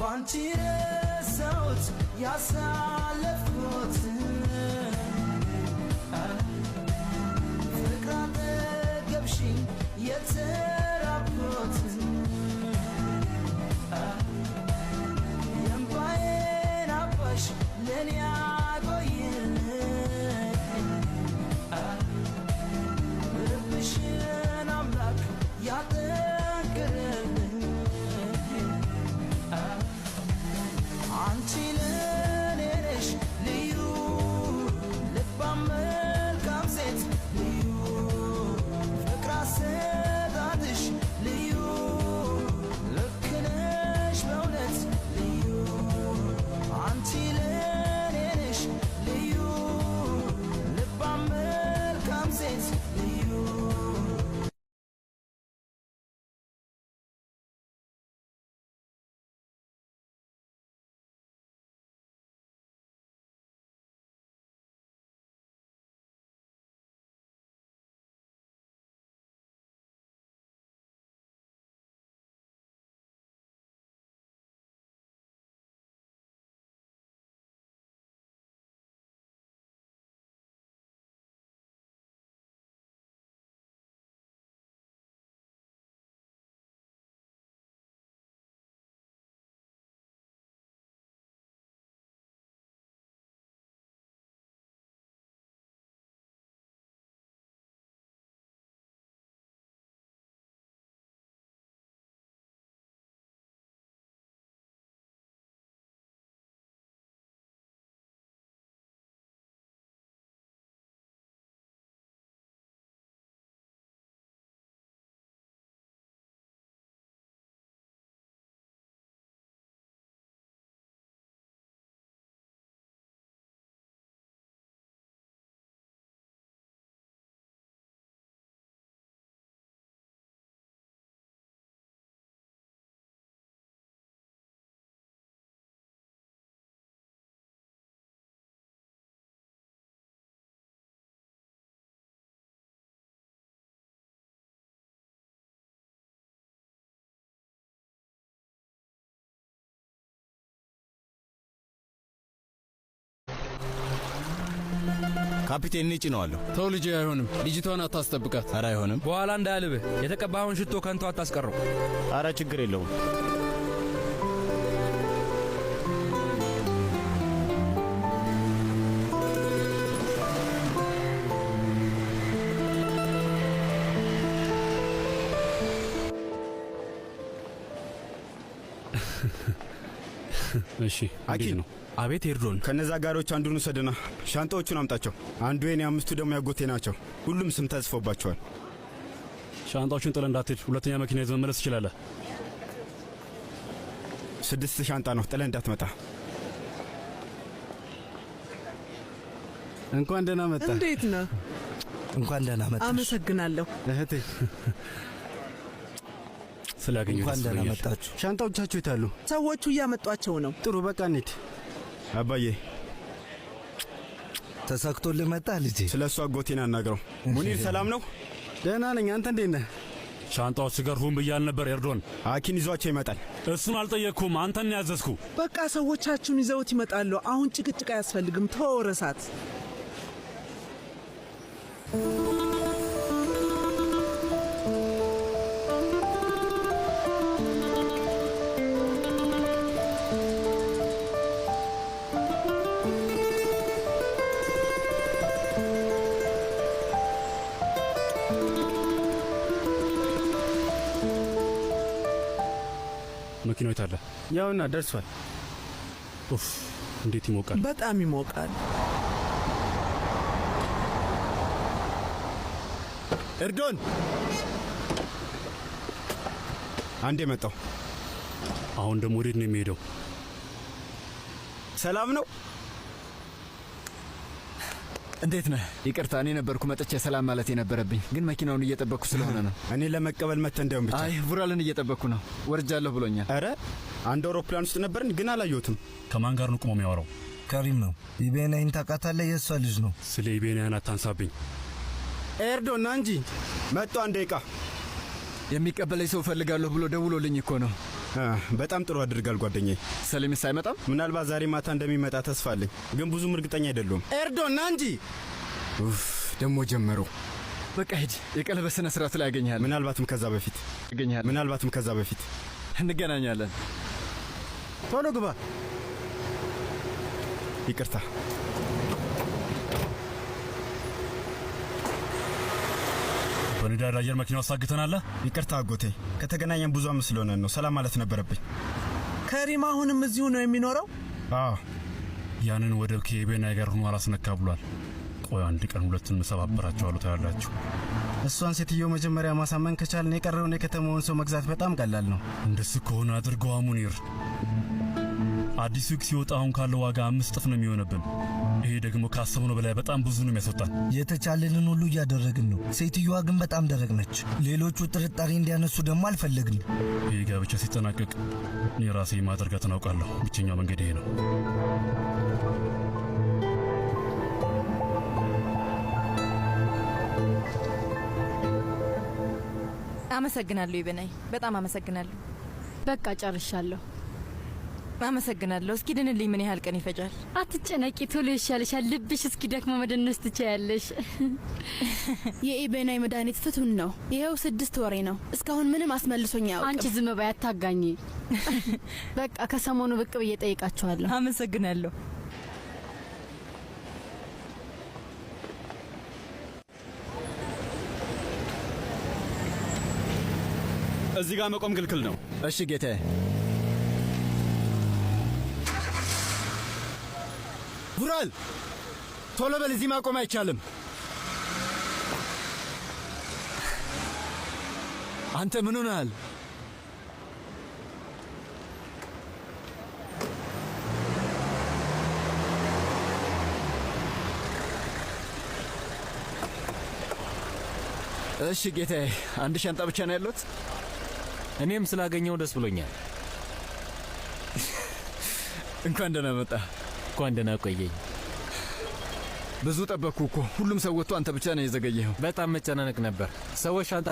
ባንቺ ረሳሁት ያሳለፍኩት ፍቅር አጠገብሽኝ የተ ካፒቴን ጭነዋለሁ። ተው ልጄ፣ አይሆንም። ልጅቷን አታስጠብቃት። አረ አይሆንም። በኋላ እንዳያልብህ የተቀባኸውን ሽቶ ከንቶ አታስቀረው። አረ ችግር የለውም። እሺ አኪል ነው። አቤት ኤርዶን፣ ከነዛ ጋሪዎች አንዱን ውሰድና ሻንጣዎቹን አምጣቸው። አንዱ የኔ፣ አምስቱ ደግሞ ያጎቴ ናቸው። ሁሉም ስም ተጽፎባቸዋል። ሻንጣዎቹን ጥለ እንዳትሄድ፣ ሁለተኛ መኪና ይዘ መመለስ ትችላለህ። ስድስት ሻንጣ ነው፣ ጥለ እንዳትመጣ። እንኳን ደህና መጣ። እንዴት ነህ? እንኳን ደህና መጣ። አመሰግናለሁ እህቴ። ስላገኘሁ እንኳን ደህና መጣችሁ። ሻንጣዎቻችሁ የት አሉ? ሰዎቹ እያመጧቸው ነው። ጥሩ በቃ እንሂድ። አባዬ ተሳክቶልህ መጣ ልጄ። ስለ እሱ አጎቴን አናግረው። ሙኒር ሰላም ነው? ደህና ነኝ። አንተ እንዴት ነህ? ሻንጣዎች ጋር ሁን ብያል ነበር። ኤርዶን አኪን ይዟቸው ይመጣል። እሱን አልጠየቅኩም፣ አንተን ያዘዝኩ። በቃ ሰዎቻችሁን ይዘውት ይመጣሉ። አሁን ጭቅጭቅ አያስፈልግም። ተወረሳት መኪናው የት አለ? ያውና ደርሷል። ኡፍ እንዴት ይሞቃል! በጣም ይሞቃል። እርዶን አንዴ መጣው። አሁን ደግሞ ወዴት ነው የሚሄደው? ሰላም ነው። እንዴት ነህ? ይቅርታ እኔ ነበርኩ መጥቼ ሰላም ማለት የነበረብኝ ግን መኪናውን እየጠበቅኩ ስለሆነ ነው። እኔ ለመቀበል መተ እንዲያውም ብቻ። አይ ቡራልን እየጠበቅኩ ነው፣ ወርጃለሁ ብሎኛል። ኧረ አንድ አውሮፕላን ውስጥ ነበርን ግን አላየሁትም። ከማን ጋር ነው ቁሞ የሚያወራው? ከሪም ነው። ኢቤናይን ታውቃታለህ? የእሷ ልጅ ነው። ስለ ኢቤናይን አታንሳብኝ። ኤርዶ ና እንጂ መጥቶ አንድ ደቂቃ የሚቀበለኝ ሰው እፈልጋለሁ ብሎ ደውሎልኝ እኮ ነው በጣም ጥሩ አድርጋል ጓደኛዬ። ሰለሚስ አይመጣም? ምናልባት ዛሬ ማታ እንደሚመጣ ተስፋ አለኝ፣ ግን ብዙም እርግጠኛ አይደለሁም። ኤርዶን ና እንጂ። ደግሞ ጀመሩ። በቃ ሂድ፣ የቀለበት ስነ ላይ ያገኛል። ምናልባትም ከዛ በፊት ያገኛል። ምናልባትም ከዛ በፊት እንገናኛለን። ቶሎ ግባ። ይቅርታ ኮሪደር አየር መኪና ውስጥ ይቅርታ አጎቴ፣ ከተገናኘን ብዙ አመት ስለሆነ ነው ሰላም ማለት ነበረብኝ። ከሪም አሁንም እዚሁ ነው የሚኖረው? አዎ፣ ያንን ወደ ኬቤና ጋር ሆኖ አላስነካ ብሏል። ቆይ አንድ ቀን ሁለቱን አሉ ታላላችሁ። እሷን ሴትዮ መጀመሪያ ማሳመን ከቻልን የቀረውን የከተማውን ሰው መግዛት በጣም ቀላል ነው። እንደሱ ከሆነ አድርገዋ ሙኒር አዲሱ ዩክ ሲወጣ አሁን ካለው ዋጋ አምስት እጥፍ ነው የሚሆነብን። ይሄ ደግሞ ካሰብነው በላይ በጣም ብዙ ነው የሚያስወጣን። የተቻለንን ሁሉ እያደረግን ነው። ሴትዮዋ ግን በጣም ደረቅ ነች። ሌሎቹ ጥርጣሬ እንዲያነሱ ደግሞ አልፈለግን። ይህ ጋብቻ ሲጠናቀቅ እኔ ራሴ ማድረጋት እናውቃለሁ። ብቸኛው መንገድ ይሄ ነው። አመሰግናለሁ ይበናይ፣ በጣም አመሰግናለሁ። በቃ ጨርሻለሁ። አመሰግናለሁ። እስኪ ድንልኝ ምን ያህል ቀን ይፈጃል? አትጨነቂ፣ ቶሎ ይሻልሻል። ልብሽ እስኪ ደክሞ መደነስ ትችያለሽ። የኢቤናይ መድኃኒት ፍቱን ነው። ይኸው ስድስት ወሬ ነው። እስካሁን ምንም አስመልሶኝ ያውቅ። አንቺ ዝም በይ፣ አታጋኝ። በቃ ከሰሞኑ ብቅ ብዬ ጠይቃችኋለሁ። አመሰግናለሁ። እዚህ ጋር መቆም ክልክል ነው። እሺ ጌታዬ ቡራል ቶሎ በል፣ እዚህ ማቆም አይቻልም። አንተ ምን ሆናል እሺ ጌታዬ፣ አንድ ሻንጣ ብቻ ነው ያለት እኔም ስላገኘው ደስ ብሎኛል። እንኳን ደህና መጣ። እንኳን ደህና ቆየኝ። ብዙ ጠበቅኩ እኮ። ሁሉም ሰው ወጥቶ አንተ ብቻ ነው የዘገየኸው። በጣም መጨናነቅ ነበር። ሰዎች ሻንጣ